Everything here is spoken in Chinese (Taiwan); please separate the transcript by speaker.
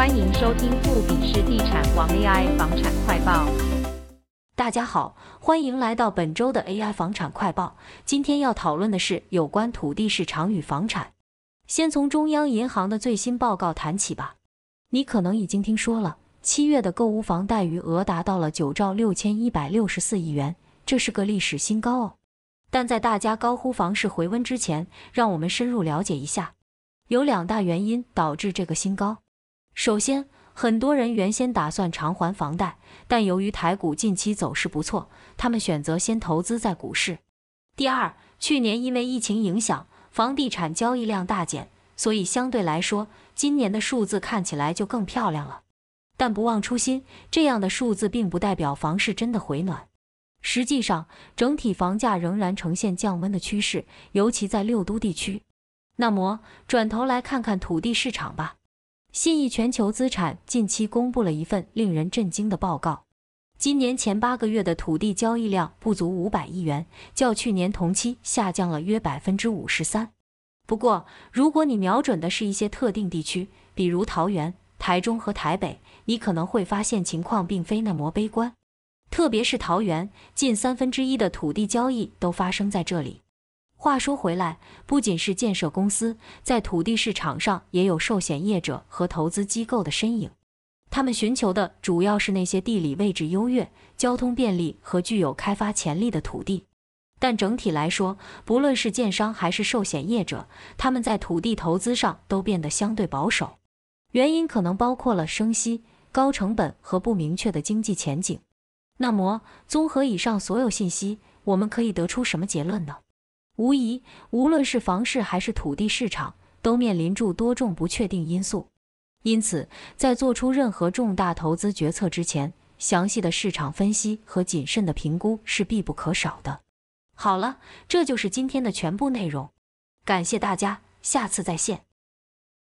Speaker 1: 歡迎收聽富比士地產王 AI 房產快報。大家好，歡迎來到本周的 AI 房產快報。今天要討論的是有關土地市場與房產。先從中央銀行的最新報告談起吧。你可能已經聽說了，七月的購屋房貸餘額達到了九兆六千一百六十四億元，這是個歷史新高哦。但在大家高呼房市回溫之前，讓我們深入了解一下，有兩大原因導致這個新高。首先，很多人原先打算償還房貸，但由於台股近期走勢不錯，他們選擇先投資在股市。第二，去年因為疫情影響，房地產交易量大減，所以相對來說，今年的數字看起來就更漂亮了。但不忘初心，這樣的數字並不代表房市真的回暖。實際上，整體房價仍然呈現降溫的趨勢，尤其在六都地區。那麼，轉頭來看看土地市場吧。信義全球資產近期公布了一份令人震驚的報告：今年前八個月的土地交易量不足五百億元，較去年同期下降了約百分之五十三。不過，如果你瞄準的是一些特定地區，比如桃園、台中和台北，你可能會發現情況並非那麼悲觀。特別是桃園，近三分之一的土地交易都發生在這裡。話說回來，不僅是建設公司，在土地市場上也有壽險業者和投資機構的身影。他們尋求的主要是那些地理位置優越、交通便利和具有開發潛力的土地。但整體來說，不論是建商還是壽險業者，他們在土地投資上都變得相對保守。原因可能包括了升息、高成本和不明確的經濟前景。那麼，綜合以上所有信息，我們可以得出什麼結論呢？無疑，無論是房市還是土地市場，都面臨著多重不確定因素。因此，在做出任何重大投資決策之前，詳細的市場分析和謹慎的評估是必不可少的。好了，這就是今天的全部內容，感謝大家，下次再見。